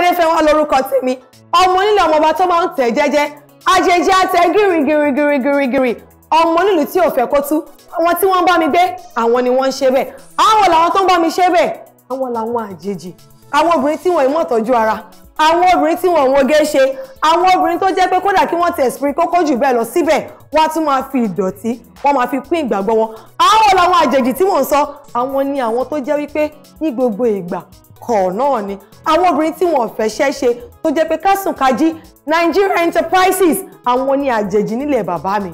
Adéfẹ́wá lórúkọ tèmi ọmọ onílé ọmọọba tó máa ń tẹ̀ jẹ́jẹ́ àjèjì àtẹ gírígírígírígírí ọmọ onílù tí ò fẹ́ kó tú àwọn tí wọ́n bá mi gbé àwọn ni wọ́n ń ṣe bẹ́ẹ̀ àwọn làwọn tó ń bá mi ṣe bẹ́ẹ̀ àwọn làwọn àjèjì àwọn obìnrin tí wọ́n ìmọ̀ tọ́jú ara àwọn obìnrin tí wọ́n wọ́n gé ṣe àwọn obìnrin tó jẹ́ pé kódà kí wọ́n tẹ̀ spring kókó jù bẹ́ẹ̀ lọ síbẹ̀ wọ́n á tún máa fi ìdọ̀tí wọ́n máa fi pín ìgbàgbọ́ wọn àwọn làwọn àjèjì tí mò ń sọ àwọn ni àwọn tó jẹ́ wípé ní gbogbo ìgbà kọ̀ náà ni àwọn obìnrin tí wọ́n fẹ́ ṣẹ́ tó jẹ́ pé kásùn Nigeria Enterprises àwọn ni àjèjì nílẹ̀ bàbá mi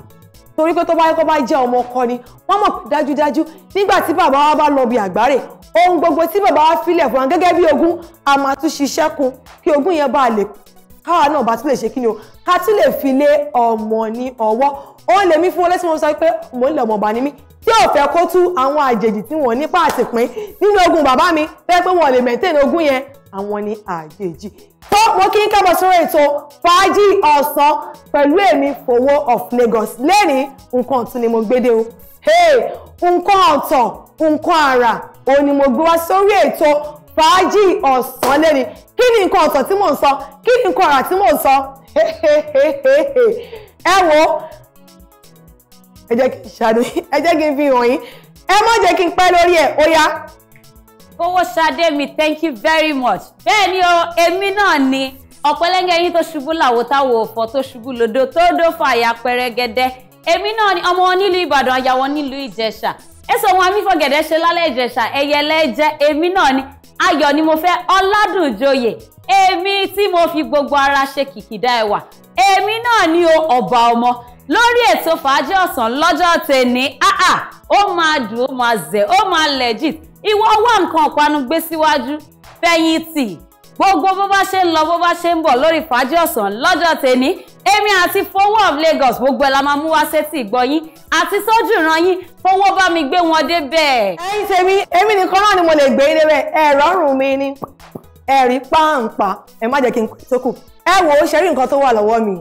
torí pé tó bá yẹ kó bá jẹ́ ọmọ ọkọ ni wọ́n mọ̀ pé dájúdájú nígbà tí bàbá wa bá lọ bí àgbáre ohun gbogbo tí bàbá wa filẹ̀ fún wa gẹ́gẹ́ bí ogún a máa tún ṣiṣẹ́ kun kí ogún yẹn bá lè káwa náà bá tún lè ṣe kí ni o ká tún lè fi lé ọmọ ní ọwọ́ òun lèmi fún wọlé tí mo sọ pé mò ń lè ọmọ ọba ni mí tí ò fẹ́ kó tú àwọn àjèjì tí wọ́n nípa àtìpín nínú ogún bàbá mi fẹ́ pé wọ́n lè maintain ogún yẹn àwọn ni àjèjì. tó mo kí n kábọ̀ sórí ètò fàájì ọ̀sán pẹ̀lú èmi Fowó of Lagos lẹ́ni nǹkan ọ̀tún ni mo gbédè o nǹkan ọ̀tàn nǹkan àrà òun ni mo gbé wá sórí ètò fàájì ọ̀sán lẹ́ni kí ni nǹkan ọ̀tàn tí mò ń sọ kí ni nǹkan àrà tí mò ń sọ ẹ wo ẹ jẹ́ kí ṣàdé ẹ jẹ́ kí n fi hàn yín ẹ má jẹ́ kí n pẹ́ lórí ẹ̀ ó yá. Kówóṣadé mi thank you very much bẹ́ẹ̀ ni o èmi náà ni ọ̀pẹ́lẹ́ngẹ́ yín tó ṣubú làwọ̀ táwọn òfò tó ṣubú lòdò tó dófà àyà pẹrẹgẹdẹ èmi náà ni ọmọ nílùú Ìbàdàn àyàwó nílùú Ìjẹ̀ṣà èso wọn amífọ̀gẹ̀dẹ̀ ṣe lálẹ́ Ìjẹ̀ṣà ẹ̀yẹlẹ́ jẹ́ èmi náà ni ayọ̀ ni mo fẹ́ Ọládùnjoyè èmi tí mo fi gbogbo ara ṣe kìkìdá ẹwà èmi náà ni o ọba ọmọ lórí ètò fàájì ọ̀sán lọ́jọ́ tèmi áà ó máa dùn ó máa zẹ̀ ó máa legit ìwọ wá nǹkan ọ̀pánu gbé síwájú fẹ̀yìntì gbogbo bó bá ṣe ń lọ bó bá ṣe ń bọ̀ lórí fàájì ọ̀sán lọ́jọ́ tèmi èmi àti fowó of Lagos gbogbo ẹ̀ la máa mú wá sétí ìgbọ́ yín àti sójú ìran yín fowó bá mi gbé wọn dé bẹ́ẹ̀. ẹyin tèmi èmi nìkan náà ni mo lè gbé yín débẹ̀ ẹ rọrùn mi ni ẹ rí páàpáà ẹ má jẹ́ kí n tó kù ẹ wò ó ṣe rí nǹkan tó wà lọ́wọ́ mi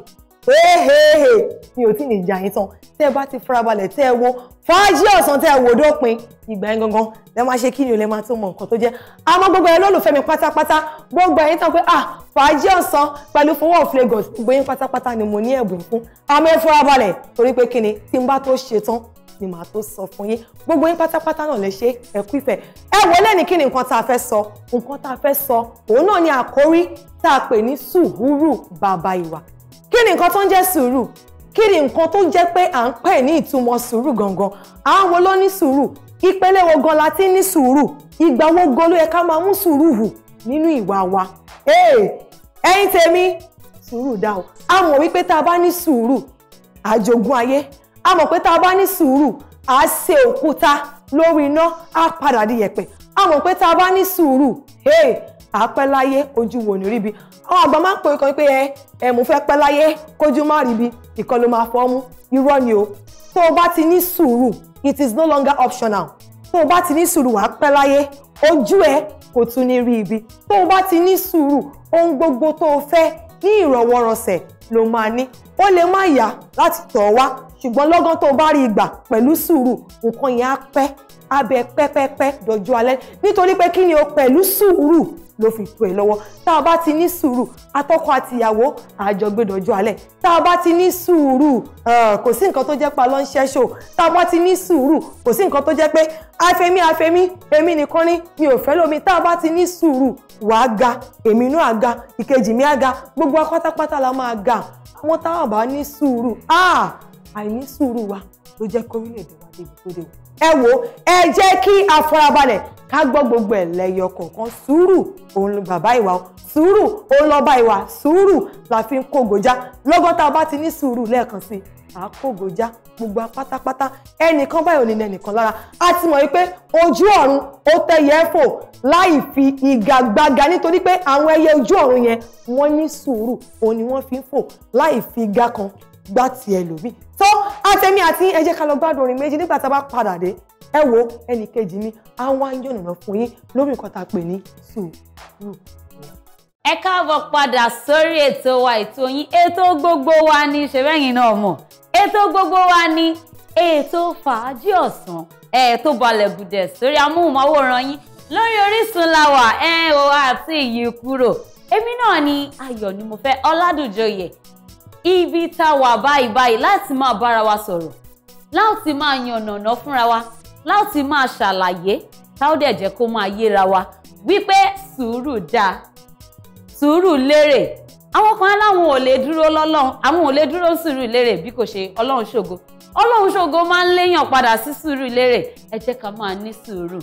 hehehe mi ò tí ì ní ìjà yín tán tẹ́ ẹ bá ti farabalẹ̀ tẹ́ ẹ wo fàájì ọ̀sán tẹ́ ẹ wò dópin ìgbà yẹn gangan lẹ máa ṣe kí ni o lẹ máa tó mọ nǹkan tó jẹ́ àmọ́ gbogbo ẹ lólùfẹ́ mi pátápátá gbogbo ẹ̀yin tán pé ah fàájì ọ̀sán pẹ̀lú fowó flagos gbogbo yín pátápátá ni mo ní ẹ̀bùn fún àmọ́ ẹ farabalẹ̀ torí pé kí ni tí n bá tó ṣe tán ni màá tó sọ fún yín gbogbo yín pátápátá náà lè ṣe ẹkú ìfẹ́ ẹ wò lẹ́ni kí ni nǹkan tá a fẹ́ sọ nǹkan tá a fẹ́ sọ òun náà ni àkórí tá a pè ní sùúrù bàbá ìwà kí ni nǹkan tó ń jẹ́ sùúrù kí ni nǹkan tó jẹ́ pé à ń pè ní ìtumọ̀ sùúrù gangan àwọn wo ló ní sùúrù ìpele wo gan la ti ní sùúrù ìgbà wo gan ló yẹ ká máa mú sùúrù hù nínú ìwà wa ẹ̀yin tèmi sùúrù dá o a mọ̀ wípé tá a bá ní sùúrù àjogún ayé a mọ̀ pé tá a bá ní sùúrù à á ṣe òkúta lórí iná á padà di yẹ̀pẹ̀ a mọ̀ pé tá a bá ní sùúrù àpẹ́ láyé ojú wo ní ríbi àwọn àgbà máa ń pè kan pé ẹ ẹ mo fẹ́ pẹ́ láyé kójú má ríbi ìkan ló máa fọ́ mú irọ́ ni o tó o bá ti ní sùúrù it is no longer optional tó o bá ti ní sùúrù wàá pẹ́ láyé ojú ẹ kò tún ní rí ibi tó o bá ti ní sùúrù ohun gbogbo tó o fẹ́ ní ìrọ̀wọ́rọ̀sẹ̀ ló máa ní ó lè má yá láti tọ̀ ọ́ wá ṣùgbọ́n lọ́gán tó bá rí ìgbà pẹ̀lú sùúrù nǹkan yẹn á pẹ́ abẹ pẹ́pẹ́pẹ́ dọ̀jú alẹ́ nítorí pé kí ni o pẹ̀lú sùúrù ló fi tó ẹ lọ́wọ́ tá a bá ti ní sùúrù atọ́kọ àtìyàwó àjọgbẹ́dọ̀jọ́ alẹ́ tá a bá ti ní sùúrù eh, kò sí nǹkan tó jẹ́ pa ló ń ṣẹ́ṣò tá a bá ti ní sùúrù kò sí nǹkan tó jẹ́ pé afẹ́mí afẹ́mí èmi nìkan ni mi ò fẹ́ lómi tá a bá ti ní sùúrù wàá ga èmi inú àga ìkejì mi àga gbogbo pátápátá la máa ga àwọn táwọn bá ní sùúrù ah, àìní sùúrù wa ló jẹ́ kórílẹ̀-èdè wa débi tó dé wọ̀ ẹ wò ẹ jẹ́ kí a farabalẹ̀ ká gbọ́ gbogbo ẹ̀ lẹ́yọ kọ̀ọ̀kan sùúrù òun ni bàbá ìwà o sùúrù òun lọ́ba ìwà sùúrù la fi ń kógojá lọ́gán tá a bá ti ní sùúrù lẹ́ẹ̀kan sí i à á kógojá gbogbo apátápátá ẹnìkan báyìí ò ní ẹnìkan lára a ti mọ̀ wípé ojú ọ̀run ó tẹ̀yẹ fò láì fi ìgàgbága nítorí pé àwọn ẹyẹ ojú ọ̀run yẹn wọ́n ní sùúrù òun ni wọ́n fi ń fò láì fi igá kan gbá ti ẹlòmíì tó àtẹ̀mí àti ẹ jẹ́ ká lọ gbádùn orin méjì nígbà tá a bá padà dé ẹ wo ẹnì kejì mi á wá ń yànnàná fún yín lórí nǹkan tá a pè ní sùúrù. ẹ káàbọ̀ padà sórí ètò wa ètò yín ètò gbogbo wa ni ṣẹ́fẹ̀yìn náà mọ̀ ètò gbogbo wa ni ètò fàájì ọ̀sán ẹ̀ tó balẹ̀ gùdẹ̀ sórí amóhùnmáwòrán yín lórí Orísun láwà ẹ o àti ìyí kúrò èmi náà ni ayọ̀ ni mo fẹ́ ọládùnjoyè ibi tá a wà báyìí báyìí láti máa bára wa sọ̀rọ̀ láti máa yànnàná fúnra wa láti máa ṣàlàyé tá ó dẹ̀ jẹ́ kó máa yéra wa wípé sùúrù dáa sùúrù lérè àwọn kan aláwọn ò lè dúró lọ́lọ́run àwọn ò lè dúró sùúrù lérè bí kò ṣe ọlọ́run ṣògo ọlọ́run ṣògo máa ń léyàn padà sí sùúrù lérè ẹ jẹ́ ká máa ní sùúrù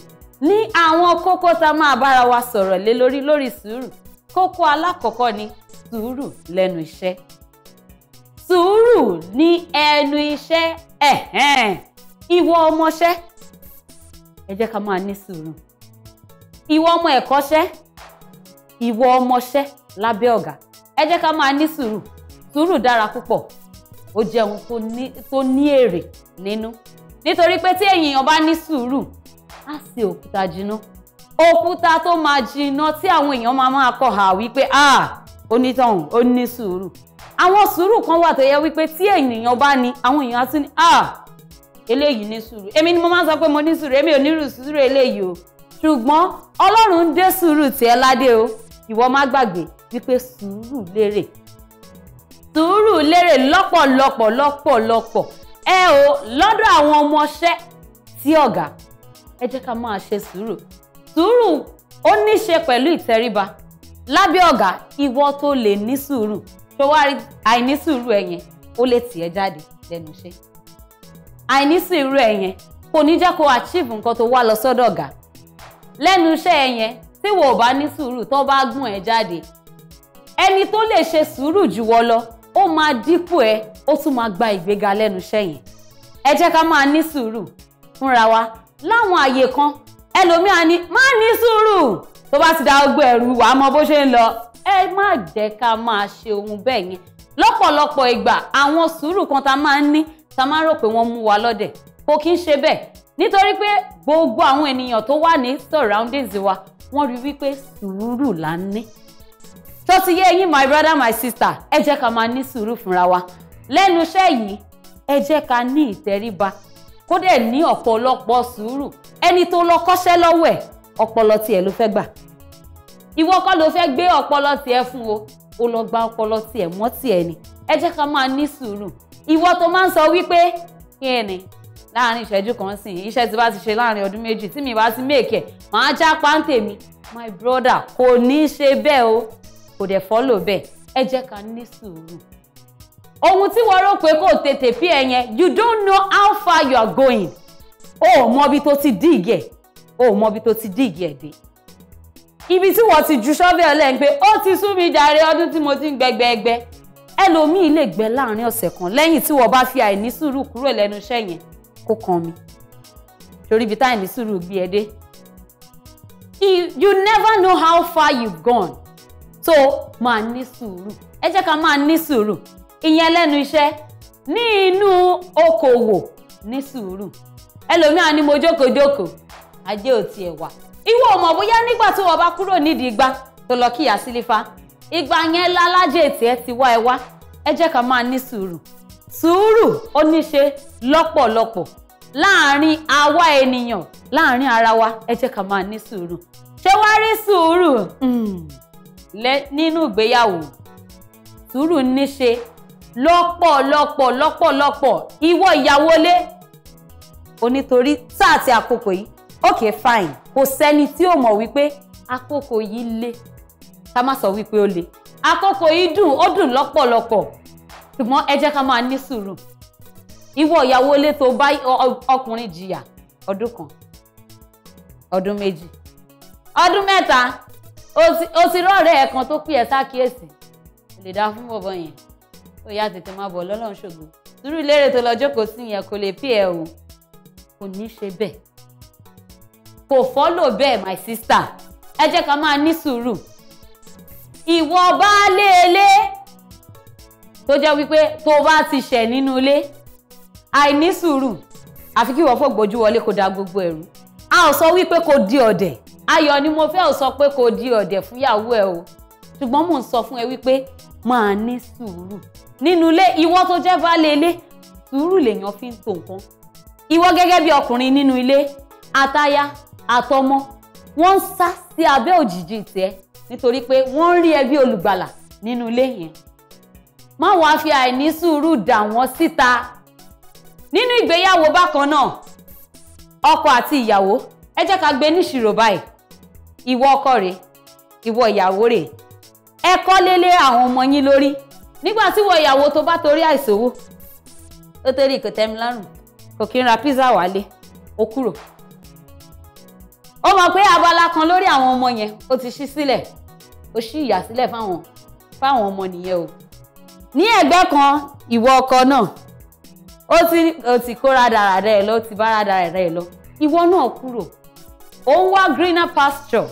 ní àwọn kókó tá a máa bára wa sọ̀rọ̀ lé lórí lórí sùúrù kókó alákọ̀ọ́kọ́ ni sùúrù lẹ́nu iṣẹ́ sùúrù ní ẹnu iṣẹ́ ìwọ ọmọṣẹ́ ẹ jẹ́ ká máa ní sùúrù ìwọ ọmọ ẹ̀kọ́ṣẹ́ ìwọ ọmọṣẹ́ lábẹ́ ọ̀gá ẹ jẹ́ ká máa ní sùúrù sùúrù dára púpọ̀ ó jẹ́ ohun tó ní èrè nínú nítorí pé tí èèyàn bá ní sùúrù á ṣe òkúta jiná òkúta tó máa jiná tí àwọn èèyàn máa máa kọ̀ hà wípé ah onítọ̀hún ó ní sùúrù àwọn sùúrù kan wà tó yẹ wípé tí ènìyàn bá ní àwọn èèyàn á tún ní ah eléyìí ní sùúrù èmi ni mo máa ń sọ pé mo ní sùúrù èmi ò ní rù sùúrù eléyìí o ṣùgbọ́n ọlọ́run ń dé sùúrù tiẹ̀ ládé o ìwọ má gbàgbé wípé sùúrù lérè sùúrù lérè lọ́pọ̀lọpọ̀ lọ́pọ̀lọpọ̀ ẹ o lọ́dọ̀ àwọn ọmọọṣẹ́ tí ọ̀gá ẹ jẹ́ ká máa ṣe sùúrù sùúrù ó ní pẹ̀lú ìtẹríba lábẹ́ ọ̀gá ìwọ tó lè ní sùúrù ṣó wá rí àìní sùúrù ẹ yẹn ó lè tì ẹ́ jáde lẹ́nu iṣẹ́ àìní sùúrù ẹ yẹn kò ní jẹ́ kó achieve nǹkan tó wá lọ sọ́dọ̀ ọ̀gá lẹ́nu iṣẹ́ ẹ yẹn tí wò bá ní sùúrù tó bá gùn ẹ́ jáde ẹni tó lè ṣe sùúrù jù wọ́ lọ ó máa dípò ẹ ó tún máa gba ìgbéga lẹ́nu iṣẹ́ yẹn ẹ jẹ́ ká máa ní sùúrù fúnra wa láwọn àyè kan ẹlòmíà ni má ní sùúrù tó bá ti da ọgbọ ẹrù wàá mọ bó ṣe ń lọ ẹ má jẹ́ ká máa ṣe ohun bẹ́ẹ̀ yẹn lọ́pọ̀lọpọ̀ ìgbà àwọn sùúrù kan tá máa ń ní tá máa ń rò pé wọ́n mú wa lọ́dẹ̀ kò kí ń ṣe bẹ́ẹ̀ nítorí pé gbogbo àwọn ènìyàn tó wà ní surroundings wa wọ́n rí wípé sùúrù là ń ní tó ti yé yín my brother my sister ẹ jẹ́ ká máa ní sùúrù fúnra wa lẹ́nu iṣẹ́ yìí ẹ jẹ́ ká ní ìtẹríba kó dẹ̀ ní ọ̀pọ̀lọpọ̀ sùúrù ẹni tó lọ kọ́ṣẹ́ lọ́wọ́ ẹ̀ ọpọlọ tiẹ̀ ló fẹ́ gbà ìwọ kọ́ ló fẹ́ gbé ọpọlọ tiẹ̀ fún o ó lọ gba ọpọlọ tiẹ̀ mọ́ tiẹ̀ ni ẹ jẹ́ ká máa ní sùúrù ìwọ tó máa ń sọ wípé kí ẹ ní láàrin ìṣẹ́jú kan sìn iṣẹ́ tí bá ti ṣe láàrin ọdún méjì tí mi bá ti méèkì ẹ̀ e, máa já páńtè mi my brother kò ní í ṣe bẹ́ẹ̀ o kò dẹ̀ fọ́lò bẹ́ẹ̀ ẹ jẹ́ ká ní sùúrù ohun tí wọ́n rò pé kò tètè fi ẹ̀ yẹn you don't know how far you are going o ò mọ to tó dig. dìgẹ̀ o ò to ibi dig. ti dìgẹ̀ dé ibi tí wọ́n ti ju ṣọ́bẹ̀ ọ̀lẹ́ pé ó ti sún mi jàre ọdún tí mo ti ń gbẹgbẹgbẹ ẹlòmíì lè gbẹ láàrin ọ̀sẹ̀ kan lẹ́yìn tí wọ́n bá fi àìní kúrò lẹ́nu iṣẹ́ yẹn kó kan mi torí ibi táìní sùúrù gbé ẹ dé you never know how far you've gone so máa ní sùúrù ẹ jẹ́ ká máa ní sùúrù ìyẹn lẹ́nu iṣẹ́ ní inú okòwò ní sùúrù ẹlòmíà ni mo jókòó jókòó ajé ò tiẹ̀ wà ìwọ ò mọ̀ bóyá nígbà tí wọ́n bá kúrò nídìí igba tó lọ kíyà sílífà igba yẹn lálájẹ ètì ẹ ti wá ẹ wá ẹ jẹ́ ká máa ní sùúrù sùúrù ó ní ṣe lọ́pọ̀lọpọ̀ láàárín àwa ènìyàn láàárín ara wa ẹ jẹ́ ká máa ní sùúrù ṣé wàá rí sùúrù hmm. nínú ìgbéyàwó sùúrù ní ṣe ìwọ ìyàwó lé onítorí tá àti àkókò yìí ok fine kò sẹ́ni tí ò mọ̀ wípé àkókò yìí le ká má sọ wípé ó le àkókò yìí dùn ó dùn lọ́pọ̀lọpọ̀ ṣùgbọ́n ẹ jẹ́ ká máa ní sùúrù ìwọ ìyàwó ilé tó bá ọkùnrin jìyà ọdún kan ọdún méjì ọdún mẹ́ta o ti rọ́ọ̀rẹ́ ẹ̀ kan tó pè ẹ́ sákìyèsí kò lè dá fún bọ̀bọ̀ yẹn ó yá tètè máa bọ̀ lọ́lọ́run ṣògo dúró ìlérè tó lọ jókòó sí yẹn kò lè pè ẹ́ o kò ní ṣe bẹ́ẹ̀ kò fọ́lò bẹ́ẹ̀ my sister ẹ jẹ́ ká máa ní sùúrù ìwọ baálé ilé tó jẹ́ wípé tó bá ti ṣẹ̀ nínú ilé àìní sùúrù àfi kí ìwọ fògbójú wọlé kó da gbogbo ẹ̀rú a ò sọ wípé kò di ọ̀dẹ̀ ayọ̀ ni mo fẹ́ ò sọ pé kò di ọ̀dẹ̀ fúyàwó ẹ o ṣùgbọ́n mò ń sọ fún ẹ wípé máa ní sùúrù nínú ilé ìwọ tó jẹ́ baálé ilé sùúrù lèèyàn fi ń tò nǹkan ìwọ gẹ́gẹ́ bí ọkùnrin nínú ilé àtaya àtọmọ wọ́n ń sá sí abẹ́ òjìji tiẹ̀ nítorí pé wọ́n ń rí ẹ bí olùgbàlà nínú ilé yẹn má wàá fi àìní sùúrù dà wọ́n síta nínú ìgbéyàwó bákan náà ọkọ àti ìyàwó ẹ jẹ́ ká gbé níṣirò báyìí ìwọ ọkọ rèé ìwọ ìyàwó rèé ẹ kọ́lé lé àwọn ọmọ yín lórí nígbà tí ìwọ ìyàwó tó bá torí àìsówó ó torí kò kò kí n ra pizza wálé ó kúrò ó mọ̀ pé abala kan lórí àwọn ọmọ yẹn ó ti ṣí sílẹ̀ ó ṣí ìyà sílẹ̀ fáwọn fáwọn ọmọ nìyẹn o ní ẹ̀gbẹ́ kan ìwọ ọkọ náà ó ti ó ti kóra dára rẹ lọ ti bára dára rẹ lọ ìwọ náà kúrò ó ń wá greener pasture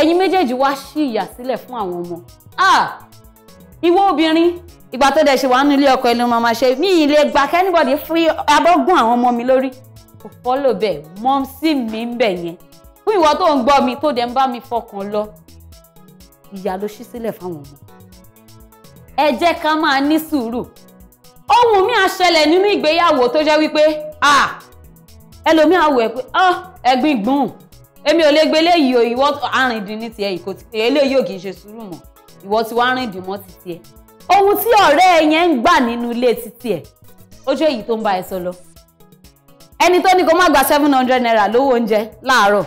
ẹ̀yin méjèèjì wá ṣí ìyà sílẹ̀ fún àwọn ọmọ ah ìwọ obìnrin ìgbà tó dẹ̀ ṣe wà nílé ọkọ ẹni mo máa ṣe mí ilé gba kẹ́nìbọ̀dì fún abọ́gún àwọn ọmọ mi lórí kò fọ́lò bẹ́ẹ̀ mọ́ sí mi ń bẹ̀ yẹn fún ìwọ tó ń gbọ́ mi tó dẹ̀ ń bá mi fọkàn lọ ìyá ló ṣí sílẹ̀ fáwọn ọmọ ẹ jẹ́ ká máa ní sùúrù ohun mi á ṣẹlẹ̀ nínú ìgbéyàwó tó jẹ́ wípé ẹlòmíì á wò pé ẹ̀gbin gbùn èmi ò lè gbé eléyìí o ìwọ arìndín ní tiẹ̀ ìkó ti eléyìí ò kì í ṣe sùúrù mọ́ ìwọ ti wá rìndín mọ́ ti tiẹ̀ ohun tí ọ̀rẹ́ yẹn ń gbà nínú ilé ti tiẹ̀ ó jẹ́ èyí tó ń bá ẹ sọ lọ ẹni tó ní kó má gba seven hundred naira lówó oúnjẹ láàárọ̀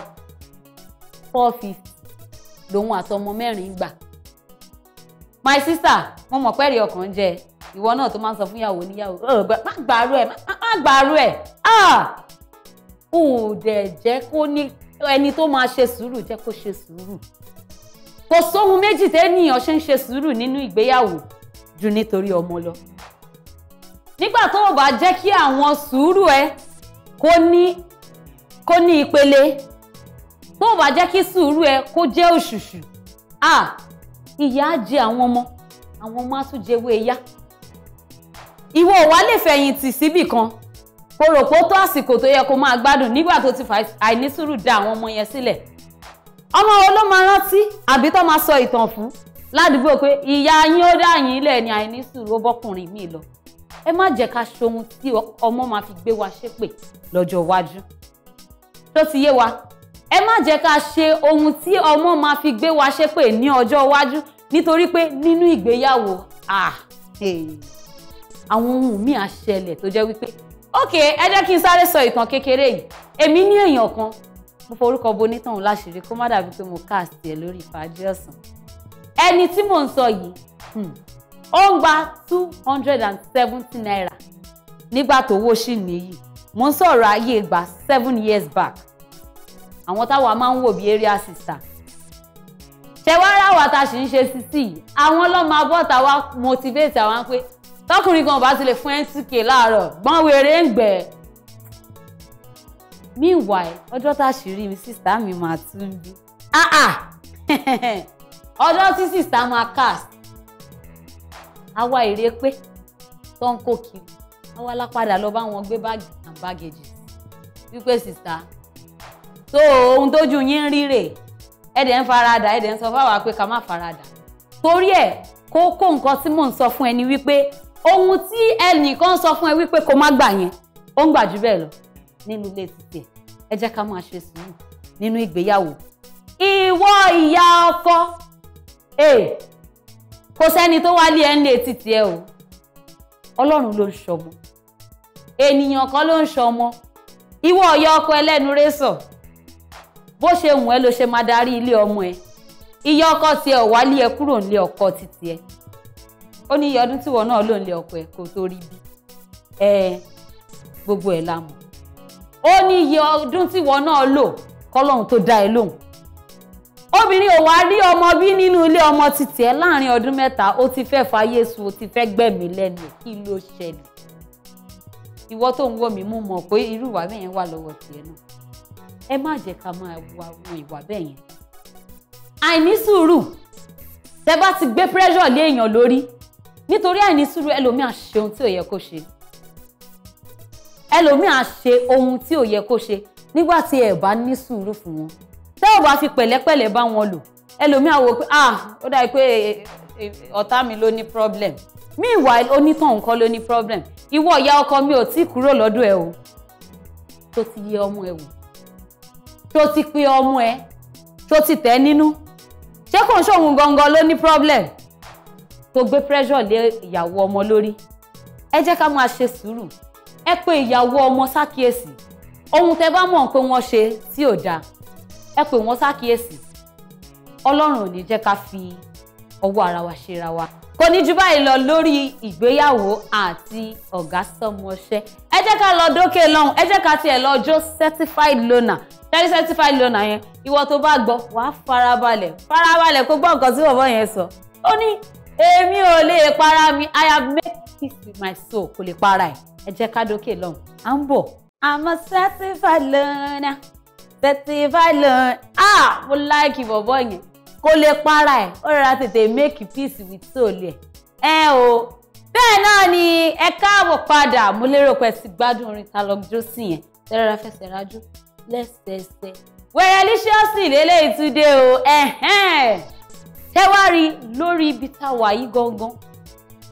four fifty lòun àtọmọ mẹ́rin gbà my sister mo mọ̀ pẹ́ẹ́rì ọkàn jẹ ìwọ náà tó máa ń sọ fún ìyàwó níyàwó má gbàrú ẹ má gbàrú ẹ n ah! ò dẹ̀ jẹ́ kó ní ẹni tó máa ṣe sùúrù jẹ́ kó ṣe sùúrù kò sóhun méjì tẹ́nìyàn ṣe ń ṣe sùúrù nínú ìgbéyàwó ju nítorí ọmọ lọ nígbà tó o bá jẹ́ kí àwọn sùúrù ẹ kó ní kó ní ìpele tó bá jẹ́ kí sùúrù ẹ kó jẹ́ òṣùṣù ah ìyà á jẹ àwọn ọmọ àwọn ọmọ á tún jẹwé yá ìwọ ò wá lè fẹ̀yìntì síbì kan kò rò pé ó tó àsìkò tó yẹ kó máa gbádùn nígbà tó ti fa àìnísùúrù dá àwọn ọmọ yẹn sílẹ̀ ọmọ wo ló máa rántí àbí tó máa sọ ìtàn fún ládùúgbò pé ìyá yín ó dá yín lẹ̀ ní àìnísùúrù ó bọ́kùnrin mi lọ ẹ má jẹ́ ká ṣohun tí ọmọ máa fi gbé wa ṣépè lọ́jọ́ iwájú tó ti yé wa ẹ má jẹ́ ká ṣe ohun tí ọmọ máa fi gbé wa ṣépè ní ọjọ́ iwájú nítorí pé nínú ìgbéyàwó àwọn ohun míì á ṣẹlẹ̀ tó jẹ́ wípé ok ẹ jẹ́ kí n sáré sọ ìtàn kékeré yìí èmi ní èèyàn kan mo forúkọ bonítàn láṣìírí kó má dàbí pé mo cast ẹ lórí ìfàájì ọ̀sán ẹni tí mò ń sọ yìí hmm, ó ń gba two hundred and seventy naira nígbà tó wó sí nìyí mo ń sọ̀rọ̀ ayé gba seven years back àwọn táwa máa ń wò bí area sister ṣẹwárà wa ta sì ń ṣe sisi àwọn ọlọ́mọ abọ́ tàwa motivate àwọn pé tọkùnrin kan bá ti lè fún ẹ two k láàárọ̀ gbọ́n wèrè ń gbẹ̀. meanwhile ọjọ́ tá a sì rí mi sísá mi máa tún bí ah, ah. ọjọ́ tí sísá máa cast àwa èrè pé tó ń kó kiri àwa lápadà lọ bá wọn gbé báàgì and baggages wípé sísá so ohun tójú yín ń ríre ẹ̀dẹ̀ ń faradà ẹ̀dẹ̀ ń sọ fáwa pé ká má faradà torí ẹ̀ kókó nǹkan tí mò ń sọ fún ẹni wípé ohun tí ẹnìkan sọ fún ẹ wípé kó má gbà yẹn ó ń gbà jù bẹ́ẹ̀ lọ nínú ilé títì ẹ jẹ́ ká máa ṣe sùúrù nínú ìgbéyàwó ìwọ ìyá ọkọ e, kò sẹ́ni tó wálé ẹ̀ ń lé títì ẹ o ọlọ́run ló ń ṣọmọ ènìyàn kan ló ń ṣọmọ ìwọ ọ̀yọ́ ọkọ ẹlẹ́nu rẹ́sọ̀ bó ṣe wùn ẹ́ ló ṣe máa darí ilé ọmọ ẹ iye ọkọ tiẹ̀ ò wálé ẹ kúrò nílé ọkọ títí ẹ ó ní iye ọdún tí wọn náà ló ń lé ọkọ ẹ kó tó rí bí ẹ gbogbo ẹ la mọ̀ ó ní iye ọdún tí wọn náà lò kọ́lọ́hún tó dá ẹ lóhùn obìnrin ò wá rí ọmọ bí nínú ilé ọmọ títí ẹ láàrin ọdún mẹ́ta ó ti fẹ́ fàyè sùn ó ti fẹ́ gbẹ̀mí lẹ́nu ẹ̀ kí ló ṣẹlẹ̀ ìwọ tó ń wò mí mú mọ̀ pé irú ìwà bẹ́ẹ̀ yẹn wà lọ́wọ́ tiẹ̀ náà ẹ má jẹ́ ká máa wo àwọn ìwà bẹ́ẹ̀ yẹn. àìní sùúrù bá ti gbé pressure lé èèyàn lórí nítorí àìní sùúrù ẹlòmíà ṣe ohun tí ò yẹ kó ṣe ẹlòmíà ṣe ohun tí ò yẹ kó ṣe nígbà tí ẹ bá ní sùúrù fún wọn tẹ́ ò bá fi pẹ̀lẹ́pẹ̀lẹ́ bá wọn lò ẹlòmíà wò pé ah ó dàbí pé eh, eh, ọ̀tá mi ló ní problem meanwhile onítàn nǹkan ló ní problem ìwọ ìyá ọkọ mi ò tí kúrò lọ́dọ̀ ẹ o tó ti yẹ ọmọ ẹ wò tó ti pe ọmọ ẹ tó ti tẹ̀ nínú ṣé kò ń ṣòun gangan ló ní problem tó gbé pressure lé ìyàwó ọmọ lórí ẹ jẹ́ ká máa ṣe sùúrù ẹ pé ìyàwó ọmọ ṣàkíyèsí ohun tẹ bá mọ̀ pé wọ́n ṣe tí ò dáa ẹ pé wọ́n ṣàkíyèsí ọlọ́run ò ní jẹ́ ká fi ọwọ́ ara wa ṣe ra wa kò ní jù báyìí lọ lórí ìgbéyàwó àti ọ̀gá sọmọṣẹ́ ẹ jẹ́ ká lọ dókè lọ́hùn ẹ jẹ́ ká tiẹ̀ lọ jó certified loner ṣẹ́rí certified loan yẹn ìwọ tó bá gbọ́ wàá farabalẹ̀ farabalẹ̀ kó gbọ́ nǹkan tí bọ̀bọ̀ yẹn sọ ó ní èmi ò lè para mi i have made peace with my soul kò lè para ẹ̀ ẹ jẹ́ ká dókè lọ́hùn à ń bọ̀ i'm a certified loaner certified loaner ah mo like bọ̀bọ̀ yẹn kò lè para ẹ̀ ó rọra tètè make peace with soul ẹ̀ ẹ o bẹ́ẹ̀ náà ni ẹ káàbọ̀ padà mo lérò pé ẹ ti gbádùn orin Calog Josie yẹn tẹ́rẹ́rẹ́ fẹsẹ̀ rájú lẹ́sẹẹsẹ wẹrẹ líṣíọsì lélẹyìí tún dé o tẹwárí lórí ibi tá a wà yìí gangan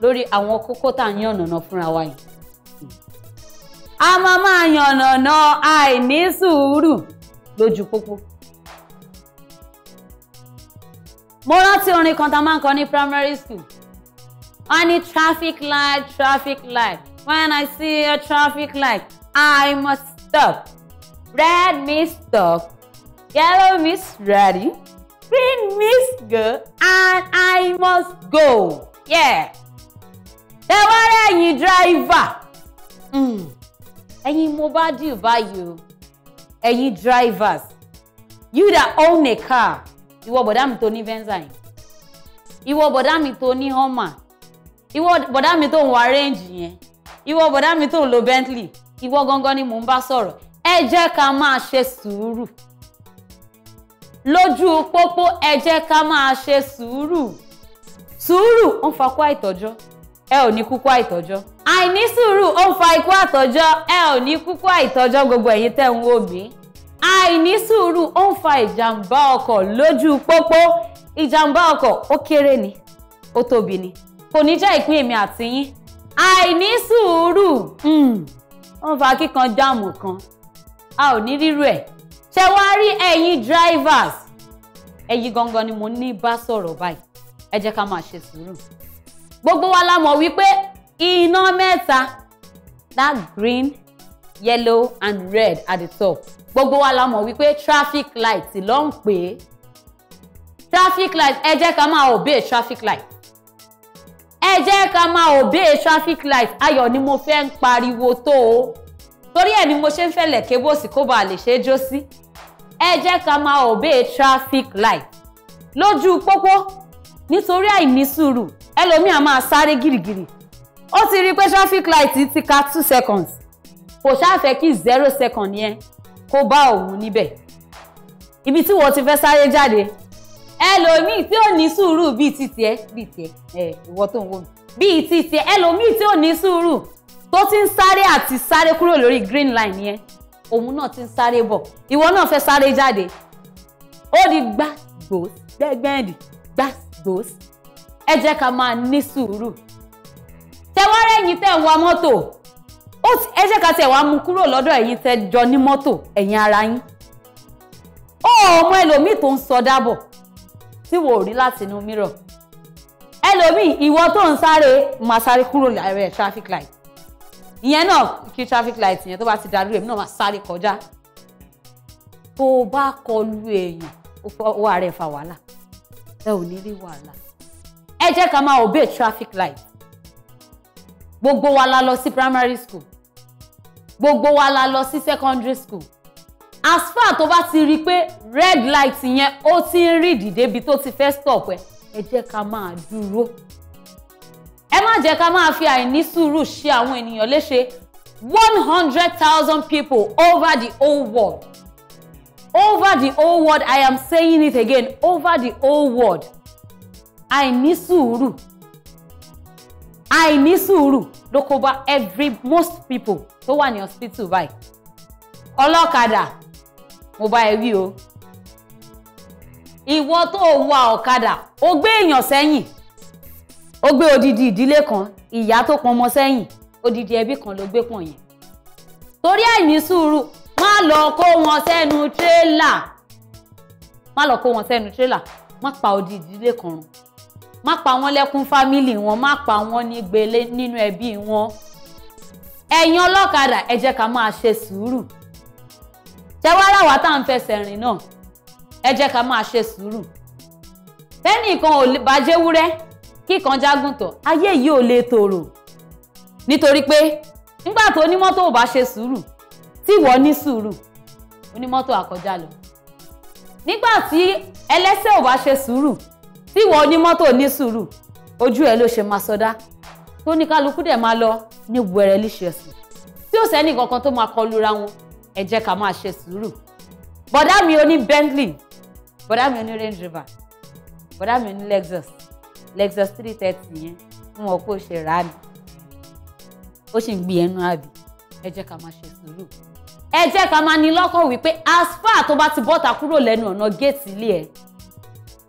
lórí àwọn kókó tá a ń yànnàná fúnra wa yìí a máa máa yànnàná àìní sùúrù lójú pópó. mo rántí orin kan tá a máa ń kọ ní primary school wọ́n ní traffic light traffic light when I see a traffic light I must stop Red means dog. Yellow means ready. Green means go. And I must go. Yeah. Ẹ wá rẹ̀ ẹ̀yin driver. Hmm. Ẹ̀yin mo bá dì báyìí o. Ẹ̀yin drivers. You that own a car. Ìwọ bọ̀dá mi tó ní Venza yìí. Ìwọ bọ̀dá mi tó ní Hummer. Ìwọ bọ̀dá mi tó ń wá range yẹn. Ìwọ bọ̀dá mi tó ń lo Bentley. Ìwọ gangan ni mò ń bá sọ̀rọ̀ ẹ jẹ́ ká máa ṣe sùúrù lójú pópó ẹ jẹ́ ká máa ṣe sùúrù sùúrù ń fa kó àìtọ́jọ́ ẹ ò ní kúkú àìtọ́jọ́ àìní sùúrù ó ń fa ikú àtọ́jọ́ ẹ ò ní kúkú àìtọ́jọ́ gbogbo ẹ̀yin tẹ́ ń wò mí àìní sùúrù ó ń fa ìjàmbá ọkọ̀ lójú pópó ìjàmbá ọkọ̀ ó kéré ni ó tóbi ni kò ní jẹ́ ìpín èmi àti yín àìní sùúrù hmm, ń fa kíkan jáàmù kan a ò ní rírú ẹ̀ ṣe wá rí ẹ̀yin drivers ẹ̀yin gangan ni mo ní bá sọ̀rọ̀ báyìí ẹ jẹ́ ká máa ṣe sùúrù gbogbo wa la mọ̀ wípé iná mẹ́ta that green yellow and red at the top gbogbo wa la mọ̀ wípé traffic light ló ń pè é traffic light ẹ jẹ́ ká máa obey traffic light ẹ jẹ́ ká máa obey traffic light ayọ̀ ni mo fẹ́ ń pariwo tó o torí ẹ̀ ni mo ṣe ń fẹ́lẹ̀ kébòsì kó bàa lè ṣe é jó sí ẹ jẹ́ ká máa obey traffic light lójú pópó nítorí àìnísùúrù ẹlòmíà máa sáré gìrìgìrì ó ti rí i pé traffic light ti ka two seconds kò ṣáàfẹ́ kí zero second yẹn kó bá òun níbẹ̀ ibi tí wọ́n ti fẹ́ sáré jáde ẹlòmíì tí ò ní sùúrù bíi títì ẹ bíi tìẹ ẹ ìwọ tó ń wò mí bíi títì ẹ ẹlòmíì tí ò ní sùúrù tó ti ń sáré àti sáré kúrò lórí green line yẹn òun náà ti ń sáré bọ̀ ìwọ náà fẹ́ sáré jáde ó di gbá gbòs gbẹ́gbẹ́ẹ̀dì gbá gbòs ẹ jẹ́ ká máa ní sùúrù tẹwárẹ́ ẹ̀yin tẹ̀ ń wa mọ́tò ẹ jẹ́ ká tẹ̀ wá mú kúrò lọ́dọ̀ ẹ̀yin tẹ̀ jọ ní mọ́tò ẹ̀yin ara yín ó ọmọ ẹlòmíì tó ń sọdá bọ̀ tí wò rí láti inú mírọ̀ ẹlòmíì ìwọ tó ń sáré máa sáré kúrò láàrẹ̀ traffic light ìyẹn náà kí traffic light yẹn tó bá ti darú èmi náà máa sáré kọjá tó o bá kọlu èèyàn ó ààrẹ fa wàhálà ẹ ò ní rí wàhálà ẹ jẹ́ ká máa obey traffic light gbogbo wa la lọ sí primary school gbogbo wa la lọ sí secondary school as far tó bá ti rí i pé red light yẹn ó ti ń rí ìdìde ibi tó ti fẹ́ stop ẹ ẹ jẹ́ ká máa dúró ẹ má jẹ́ ká máa fi àìní sùúrù ṣe àwọn ènìyàn léṣe one hundred thousand people over the whole world over the whole world I am saying it again over the whole world àìní sùúrù àìní sùúrù ló kó bá every most people tó wà ní hospital báyìí ọlọ́kadà mo bá ẹ wí o ìwọ tó wa ọ̀kadà ó gbé èèyàn sẹ́yìn ó gbé odidi ìdílé kan ìyá tó pọn ọmọ sẹ́yìn odidi ẹbí kan ló gbé pọ̀ yẹn torí àìní sùúrù má lọ kó wọn sẹ́nu tírélà má lọ kó wọn sẹ́nu tírélà má pa odi ìdílé kan run má pa wọn lẹ́kún fámìlì wọn má pa wọn ní gbélé nínú ẹbí wọn ẹ̀yin ọlọ́kadà ẹ jẹ́ ká máa ṣe sùúrù tẹwárà wá tá à ń fẹsẹ̀ rìn náà ẹ jẹ́ ká máa ṣe sùúrù tẹ́nìkan ò bá jẹ́wúrẹ́ kíkan jágùntàn ayé yìí ò lè tòrò nítorí pé nígbà tó onímọ́tò ò bá ṣe sùúrù tí ìwọ ní sùúrù onímọ́tò àkọjá lọ nígbà tí ẹlẹ́sẹ̀ ò bá ṣe sùúrù tí ìwọ onímọ́tò ní sùúrù ojú ẹ ló ṣe máa sọdá tó ní kálukú dẹ̀ máa lọ ní wẹ̀rẹ̀ líṣẹ̀sì tí ò sẹ́ni kankan tó máa kọlura wọn ẹ jẹ́ ká máa ṣe sùúrù bọ̀dá mi oní Bentley bọ̀dá mi oní Range Rover bọ̀dá mi oní Lexus lexus three thirty yẹn fún wọn kó ṣe rà mí ó sì ń gbé ẹnu àbí ẹ jẹ́ ká máa ṣe sùúrù ẹ jẹ́ ká máa ní lọ́kàn wípé as far tó bá ti bọ́ta kúrò lẹ́nu ọ̀nà géètì ilé ẹ̀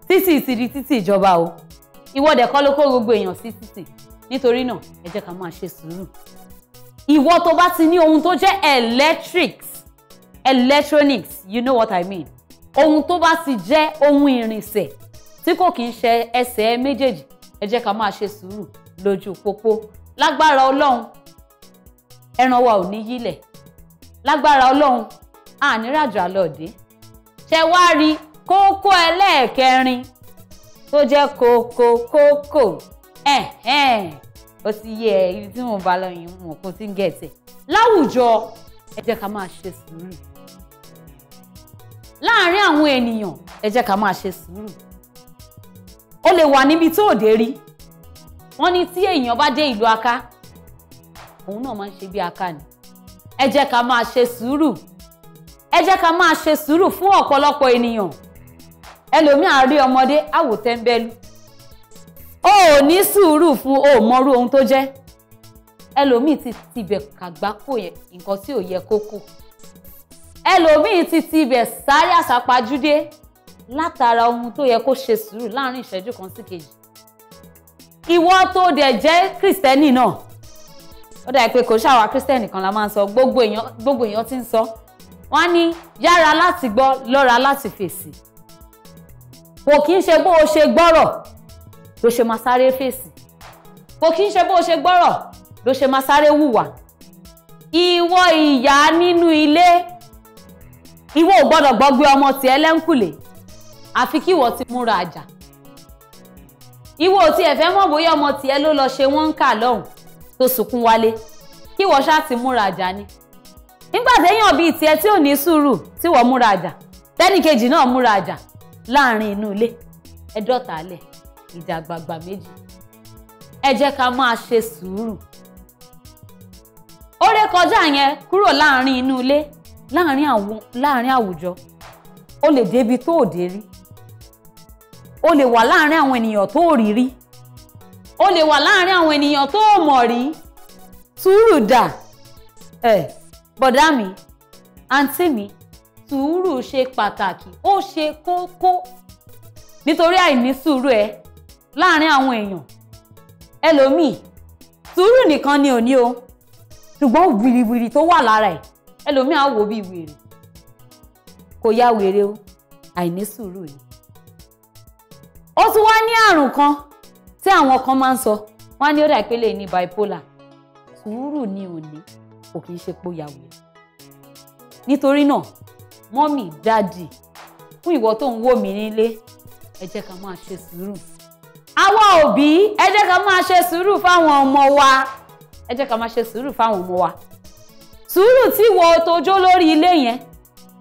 títì ti títì ìjọba o ìwọ́dẹ̀ kọ́ ló kó gbogbo èèyàn sí títì nítorí náà ẹ jẹ́ ká máa ṣe sùúrù ìwọ tó bá ti ní ohun tó jẹ́ electrics electronics you know what I mean ohun tó bá ti jẹ́ ohun ìrìnsẹ̀ tí kò kì í ṣe ẹsẹ̀ méjèèjì ẹ jẹ́ ká máa ṣe sùúrù lójú pópó lágbára ọlọ́run ẹran wa ò ní yílẹ̀ lágbára ọlọ́run àníràjò àlọ́ọ̀dé ṣe wá rí kókó ẹlẹ́ẹ̀kẹrin tó jẹ́ kókó kókó ẹ̀hẹ́n ó ti yẹ ibi tí mo bá lọ yìí mo kò tí ń gẹ̀tẹ̀ láwùjọ ẹ jẹ́ ká máa ṣe sùúrù láàárín àwọn ènìyàn ẹ jẹ́ ká máa ṣe sùúrù ó lè wà níbi tó òde rí wọ́n ní tí èèyàn bá dé ìlú aká òun náà máa ń ṣe bí aká ni ẹ jẹ́ ká máa ṣe sùúrù ẹ jẹ́ ká máa ṣe sùúrù fún ọ̀pọ̀lọpọ̀ ènìyàn ẹlòmíà rí ọmọdé àwòtẹ́ńbẹ́lú o ò ní sùúrù o ò mọrú ohun tó jẹ́ ẹlòmíì ti tibẹ̀ kàgbákò nǹkan tí ò yẹ kó kù ẹlòmíì ti tibẹ̀ sáré àsápajúdé látara ohun tó yẹ kó ṣe sùúrù láàrin ìṣẹ́jú kan sí kejì ìwọ tó dẹ̀ jẹ́ kristẹni náà ó dà pé kò ṣàwà kristẹni kan la máa ń sọ gbogbo èèyàn gbogbo èèyàn ti ń sọ wọ́n ní yára láti gbọ́ lọ́ra láti fèsì kò kí ń ṣe bó o ṣe gbọ́rọ̀ ló ṣe máa sáré fèsì kò kí ń ṣe bó o ṣe gbọ́rọ̀ ló ṣe máa sáré hùwà ìwọ ìyá nínú ilé ìwọ ò gbọ́dọ̀ gbọ́gbé ọmọ tìẹ lẹ́ńkùlé àfi kí ìwọ ti múra àjà ìwọ ò tiẹ̀ fẹ́ mọ̀ bóyá ọmọ tiẹ̀ ló lọ ṣe wọ́n ń kà lọ́hùn tó sunkún wálé kí ìwọ ṣáà ti múra àjà ni nígbà téèyàn bíi tiẹ̀ tí ò ní sùúrù tí wọ́n múra àjà tẹ́nìkejì náà múra àjà láàrin inú ilé ẹ̀dọ́ta alẹ̀ ìjà àgbààgbà méjì ẹ jẹ́ ká máa ṣe sùúrù ó rékọjá yẹn kúrò láàrin inú ilé láàrin àwùjọ ó lè débi tó ò rí o lè wà láàárín àwọn ènìyàn tó rí rí o lè wà láàárín àwọn ènìyàn tó mọ̀ rí sùúrù dà ẹ bọ̀dá mi àǹtí mi sùúrù ṣe pàtàkì ó ṣe kókó nítorí àìní sùúrù ẹ láàárín àwọn èèyàn ẹlòmíì sùúrù nìkan ni òní o ṣùgbọ́n wìrìwìrì tó wà lára ẹ̀ ẹlòmíì á wò bí wèrè kò yá wèrè o àìní sùúrù ni ó tún wá ní àrùn kan tí àwọn kan máa ń sọ wọ́n á ní ó dà pé ní bipolar sùúrù ni ò ní kò kì í ṣe póyàwó nítorí náà mọ́mì dáàdì fún ìwọ tó ń wò mí nílé ẹ jẹ́ ká máa ṣe sùúrù àwa òbí ẹ jẹ́ ká máa ṣe sùúrù fáwọn ọmọ wa ẹ jẹ́ ká máa ṣe sùúrù fáwọn ọmọ wa sùúrù tí ìwọ tó jó lórí ilé yẹn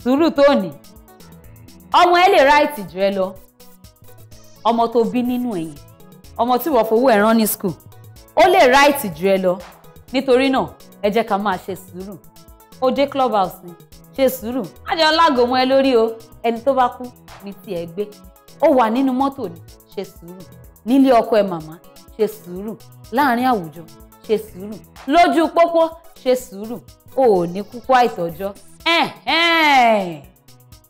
sùúrù tó ní ọmọ ẹ lè ráìtì jù ẹ lọ ọmọ tó bí nínú ẹ̀yìn ọmọ tí wọ́n fowó ẹ̀ rán ní skul ó lè ráìtì jù ẹ lọ nítorí náà ẹ jẹ́ ká máa ṣe sùúrù ó dé club house ni ṣe sùúrù má jẹ́ ọlágò mọ́ ẹ lórí o ẹni tó bá kú ní tiẹ̀ gbé ó wà nínú mọ́tò ni ṣe sùúrù nílé ọkọ ẹ màmá ṣe sùúrù láàrin àwùjọ ṣe sùúrù lójú pópó ṣe sùúrù ò ní kúkú àìtọ́jọ́ ẹ̀ẹ́n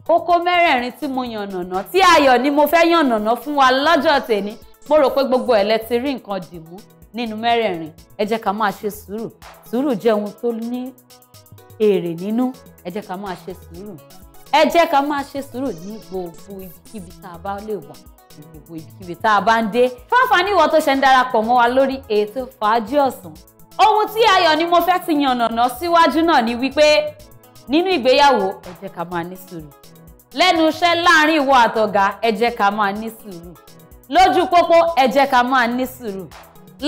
kókó mẹ́rẹ̀ẹ̀rin tí mo yànnàná tí ayọ̀ ni mo fẹ́ yànnàná fún wa lọ́jọ́ tèmi mo rò pé gbogbo ẹ̀ lẹ ti rí nǹkan dì mú nínú mẹ́rẹ̀ẹ̀rin ẹ jẹ́ ká máa ṣe sùúrù sùúrù jẹ́ ohun tó ní èrè nínú ẹ jẹ́ ká máa ṣe sùúrù ẹ jẹ́ ká máa ṣe sùúrù ní gbogbo ibikíbi tá a bá lè wà gbogbo ibikíbi tá a bá ń dé fún àǹfààní ìwọ tó ṣe ń darapọ̀ mọ́ wa lórí ètò fàájì ọ̀sán ohun tí ayọ̀ ni mo fẹ́ ti yànnàná síwájú náà ni wípé nínú ìgbéyàwó ẹ jẹ́ ká máa ní sùúrù lẹ́nu iṣẹ́ láàrin ìwọ àtọ̀gá ẹ jẹ́ máa ní sùúrù lójú pópó ẹ jẹ́ máa ní sùúrù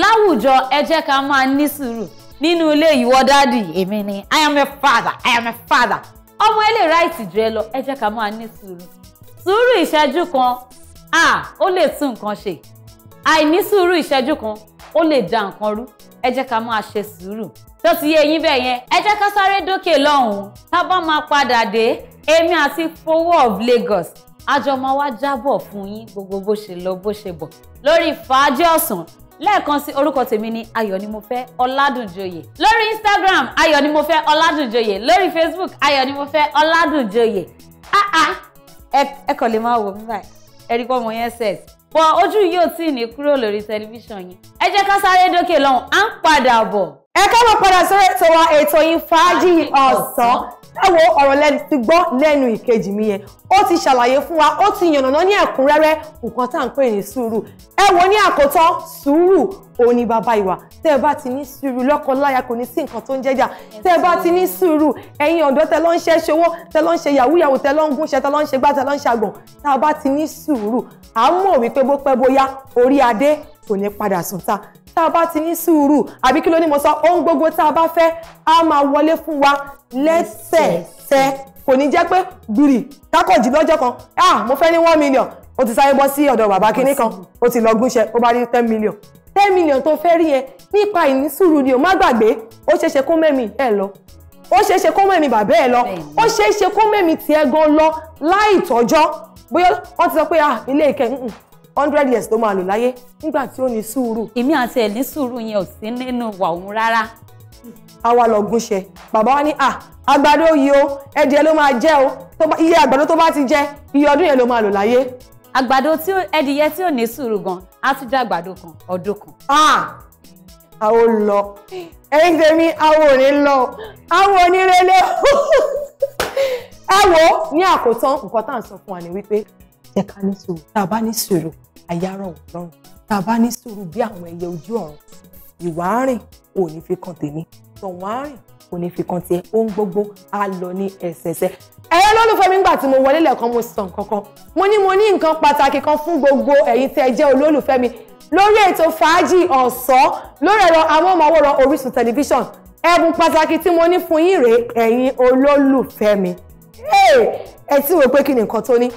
láwùjọ ẹ jẹ́ máa ní sùúrù nínú ilé ìwọ dáàdì èmi ni i am a father i am a father ọmọ ẹ lè ráìtì jù ẹ lọ ẹ jẹ́ ká máa ní sùúrù sùúrù ìṣẹ́jú kan ah ó lè tún nǹkan ṣe àìní sùúrù ìṣẹ́jú kan ó lè da nǹkan rú ẹ jẹ́ máa ṣe sùúrù tó ti yé yín bẹ́ẹ̀ yẹn ẹ ká sáré dókè lọ́hùn-ún tá máa padà dé èmi àti Fowó of Lagos àjọmọ́ wa jábọ̀ fún yín gbogbo bó ṣe lọ bó ṣe bọ̀ lórí fàájì ọ̀sán lẹ́ẹ̀kan sí orúkọ tèmi ni ayọ̀ ni mo fẹ́ ọládùnjoyè lórí instagram ayọ̀ ni mo fẹ́ ọládùnjoyè lórí facebook ayọ̀ ni mo fẹ́ ọládùnjoyè ah ah ẹ kàn lè máa wò mí báyìí ẹ̀rí pọ́ mọ yẹn sẹ́ẹ̀t bọ́ ojú yìí ò tí ì ní kúrò lórí tẹlifíṣàn yín ẹ jẹ́ ká sáré dókè lọ́hùn à ń padà bọ̀. ẹ káàbọ̀ padà sórí ètò wa ètò yìí fàájì ọ̀sán ẹ wo ọ̀rọ̀ lẹ́nu ti gbọ́ lẹ́nu ìkejì mi yẹn ó ti ṣàlàyé fún wa ó ti yànnàná ní ẹ̀kúnrẹ́rẹ́ nǹkan tá à ń pè ní sùúrù ẹ wo ní àkótán sùúrù òun ni bàbá ìwà tẹ́ ẹ bá ti ní sùúrù lọ́kọláya kò ní sí nǹkan tó ń jẹ́jà tẹ́ ẹ bá ti ní sùúrù ẹ̀yin ọ̀dọ́ tẹ́ ló ń ṣe ṣòwò tẹ́ ló ń ṣe yàwúyàwó tẹ́ ló ń gúnṣẹ́ tẹ́ ló ń ṣe gbá tẹ́ ló ń ṣàgbọ̀n tá a bá ti ní sùúrù à ń mọ̀ wípé bó pẹ́ bóyá orí adé kò ní padà sùn ta tá a bá ti ní sùúrù àbí kí ló ní mo sọ ohun gbogbo tá a bá fẹ́ á máa wọlé fún wa lẹ́sẹẹsẹ kò ní jẹ́ pé gbìrì kákọ̀jì lọ́jọ́ kan ah mo fẹ́ ní one million ó ti sáré bọ́ sí ọ̀dọ̀ bàbá kínní kan ó ti lọ gúnṣẹ ó bá rí ten million ten million tó fẹ́ rí yẹn nípa ìnísùúrù ni ò má gbàgbé ó ṣeéṣe kó mẹ́mí ẹ̀ lọ ó ṣeéṣe kó mẹ́mí bàbá ẹ̀ lọ ó ṣeéṣe kó mẹ́mí tiẹ̀ gan lọ láì tọ́jọ́ bóyá wọ́n ti sọ pé ah ilé ìkẹ́ hundred years tó máa lò láyé nígbà tí ó ní sùúrù. èmi àti ẹ̀ ní sùúrù yẹn ò sí nínú wà òun rárá. a wá lọ gúnṣẹ bàbá wa ní à àgbàdo yìí o ẹdìẹ ló máa jẹ o iye àgbàdo tó bá ti jẹ iye ọdún yẹn ló máa lò láyé. àgbàdo tí ẹdìyẹ tí ò ní sùúrù gan á tún jẹ àgbàdo kan ọdún kan. a lọ ẹyin tèmi àwọn ò ní lọ àwọn onírèlè ẹ wo ní àkótán nǹkan tá à ń sọ fún wa ni wípé jẹ́ ká ní sùúrù tá a bá ní sùúrù àyà rọ̀ wọ́n lọ́rùn tá a bá ní sùúrù bí àwọn ẹyẹ ojú ọ̀run ìwà rìn ò ní fi kan tèmi tọ̀wọ́n á rìn ní fi kan tiẹ̀ ohun gbogbo á lọ ní ẹsẹẹsẹ ẹ̀yẹ́ lólùfẹ́ mi ń gbà tí mo wọlé lẹ́ẹ̀kan mo sọ nǹkan kan mo ní mo ní nǹkan pàtàkì kan fún gbogbo ẹ̀yin tẹ́ ẹ jẹ́ olólùfẹ́ mi lórí ètò fàájì ọ̀sán lórí ẹ̀rọ amóhùnmáwòrán Orísun tẹlifíṣàn ẹ̀bùn pàtàkì tí mo ní fún yín rèé ẹ̀yin olólùfẹ́ mi ẹ ti wò pé kí ni nǹkan tó ní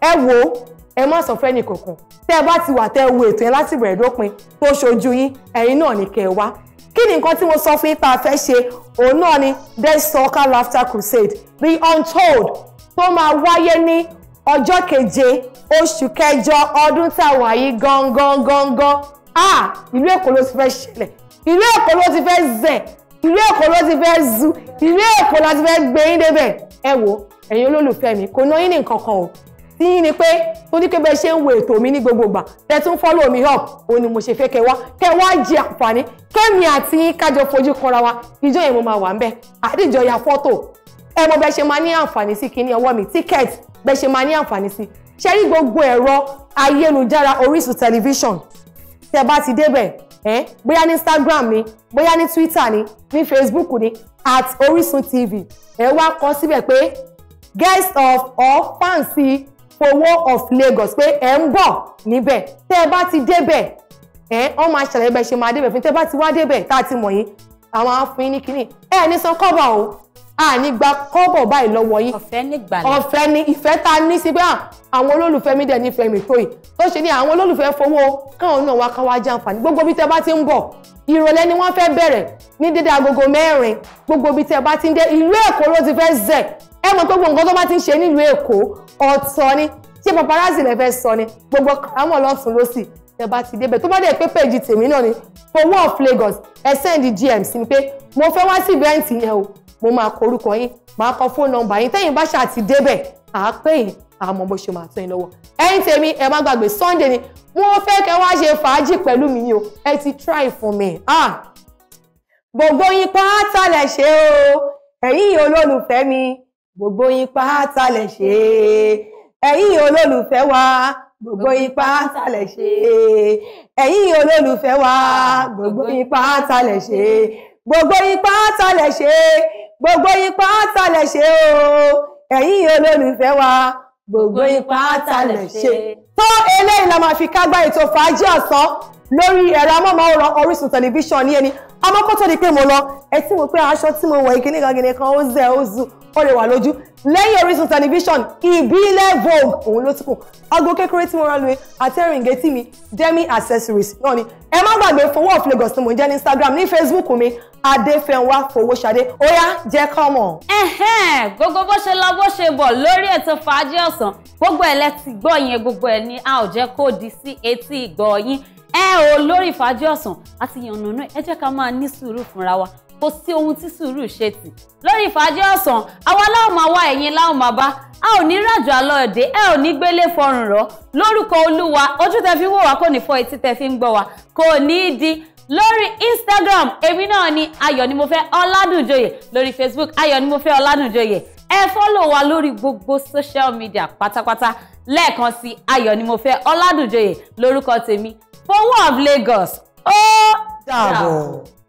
ẹ wo ẹ má sọ fẹ́ni kankan tẹ́ ẹ bá ti wà tẹ́ ẹ wo ètò yẹn láti bẹ̀rẹ̀ dópin tó ṣojú yín ẹ̀yin náà ní kẹ́ ẹ wá kí ni nǹkan tí mo sọ fún yín tá a fẹ́ ṣe òun náà ni the soccer laughter crusade the untold tó máa wáyé ní ọjọ́ keje oṣù kẹjọ ọdún táwọn yìí gangan ah ìlú èkó ló ti fẹ́ ṣẹlẹ̀ ìlú èkó ló ti fẹ́ zẹ̀ ìlú èkó ló ti fẹ́ zu ìlú èkó ló fẹ́ gbé yín débẹ̀ ẹ wo ẹ̀yin olólùfẹ́ mi kò ná yín ní nǹkan kan o tí yín ni pé tó ní pé bẹ́ẹ̀ ṣe ń wo ètò mi ní gbogbo ìgbà tẹ́ tún follow mi up òun ni mo ṣe fẹ́ kẹ́ wá kẹ́ wá jẹ àǹfààní kẹ́mi àti yín kájọ fojú kanra wa ìjọ yẹn mo máa wà ń bẹ̀ àdìjọ ya fọ́tò ẹ mọ bẹ́ẹ̀ ṣe máa ní àǹfààní sí kíní ọwọ́ mi ticket bẹ́ẹ̀ ṣe máa ní àǹfààní sí ṣe rí gbogbo ẹ̀rọ ayélujára Orísun tẹlifíṣàn tẹ́ bá ti débẹ̀ ẹ bóyá ní Instagram ni bóyá ní Twitter ni ní Facebook ni at Orisun TV ẹ wá kọ síbẹ̀ pé guest of or fancy Fowó of Lagos pé ẹ̀ ń bọ̀ níbẹ̀ tẹ́ ẹ bá ti débẹ̀ ẹ̀ ọ́n máa ṣàlàyé bẹ́ẹ̀ ṣe máa débẹ̀ fún tẹ́ ẹ bá ti wá débẹ̀ tá a ti mọ̀ yín àwọn afún yín ní kínní ẹ̀ ní san kọ́bọ̀ o a ní gba kọ́bọ̀ báyìí lọ́wọ́ yín ọ̀fẹ́ ní gbàlẹ́ ọ̀fẹ́ ní ìfẹ́ ta ní sí pé àwọn olólùfẹ́ mi dẹ̀ nífẹ̀ẹ́ mi tó yìí tó ṣe ní àwọn olólùfẹ́ fowó káwọn náà wá ká wá jàǹfààní gbogbo bí tẹ́ bá ti ń bọ̀ ìrọ̀lẹ́ ni wọ́n fẹ́ bẹ̀rẹ̀ ní dédé agogo mẹ́rin gbogbo bí tẹ́ bá ti ń dé ìlú Èkó ló ti fẹ́ zẹ̀ ẹ mọ̀ pé gbogbo nǹkan tó bá ti ń ṣe nílùú Èkó ọ̀tọ̀ ni ṣé paparazzi lè fẹ́ sọ ni gbogbo àwọn ọlọ́tún ló sì ẹ bá ti débẹ̀ tó bá dẹ̀ pé péjì tèmi náà ni for one of Lagos ẹ send GM sí mi pé mo fẹ́ wá sí ìbẹ́ǹtì yẹn o mo máa kọ orúkọ yín máa kọ fóònù nọ́mbà yín tẹ́yìn bá ṣáà ti débẹ̀ àá pè yín àmọ́ bó ṣe máa tán yín lọ́wọ́ ẹ̀yin tèmi ẹ má gbàgbé Sunday ni wọ́n fẹ́ kẹ́ wá ṣe fàájì pẹ̀lú mi yìí o ẹ ti try fún mi ah! gbogbo yín pátá lẹ̀ ṣe o ẹ̀yin olólùfẹ́ mi gbogbo ipa tá lè ṣe ẹ̀yin olólùfẹ́ wa gbogbo ipa tá lè ṣe ẹ̀yin olólùfẹ́ wa gbogbo ipa tá lè ṣe gbogbo ipa tá lè ṣe gbogbo ipa tá ṣe o ẹ̀yin olólùfẹ́ wa gbogbo ipa tá lè ṣe. tó eléyìí la máa fi kágbá ètò fàájì ọ̀sán lórí ẹ̀rọ amóhùnmáwòrán Orísun tẹlifíṣàn ní ẹni ọmọ kó tó di pé mo lọ ẹ tí mo pé aṣọ tí mo wọ̀ ìkíní kan gíní kan ó zẹ ó zu ó lè wà lójú lẹ́yìn Orísun tẹlifíṣọ̀n ìbílẹ̀ vogue òun ló ti kù ago kékeré tí mo rán lóye àti ẹ̀rìn ìgétí mi demi accessories náà ni ẹ má gbàgbé fowó of Lagos tí mo jẹ́ ní Instagram ní Facebook mi adéfẹ́nwá fowóṣadé ó yá jẹ́ kọ́ mọ̀. ẹ̀hẹ́n gbogbo bó ṣe lọ bó ṣe bọ̀ lórí ètò fàájì ọ̀sán gbogbo ẹ̀ lẹ ti gbọ́ yẹn gbogbo ẹ̀ ni a ò jẹ́ kó di sí etí ìgbọ́ yín ẹ ò lórí fàájì ọ̀sán àti yànnàná ẹ jẹ́ ká máa ní sùúrù fúnra wa kò sí ohun tí sùúrù ṣe tì lórí fàájì ọ̀sán àwa láwọn máa wá ẹ̀yin láwọn máa bá a ò ní ràjò àlọ èdè ẹ ò ní gbélé fọrùn rọ lórúkọ olúwa ojú tẹ fi ń wò wá kò ní fọ́ etí tẹ fi ń gbọ́ wá kò ní í di lórí instagram èmi náà ni ayọ̀ ni mo fẹ́ ọládùnjoyè lórí facebook ayọ̀ ni mo fẹ́ ọládùnjoyè ẹ fọ́lọ̀ wa lórí gbogbo social media pátápátá lẹ́ẹ̀kan sí ayọ̀ ni mo fẹ́ ọládùnjọyè lórúkọ tèmi one of Lagos ó dàbọ̀.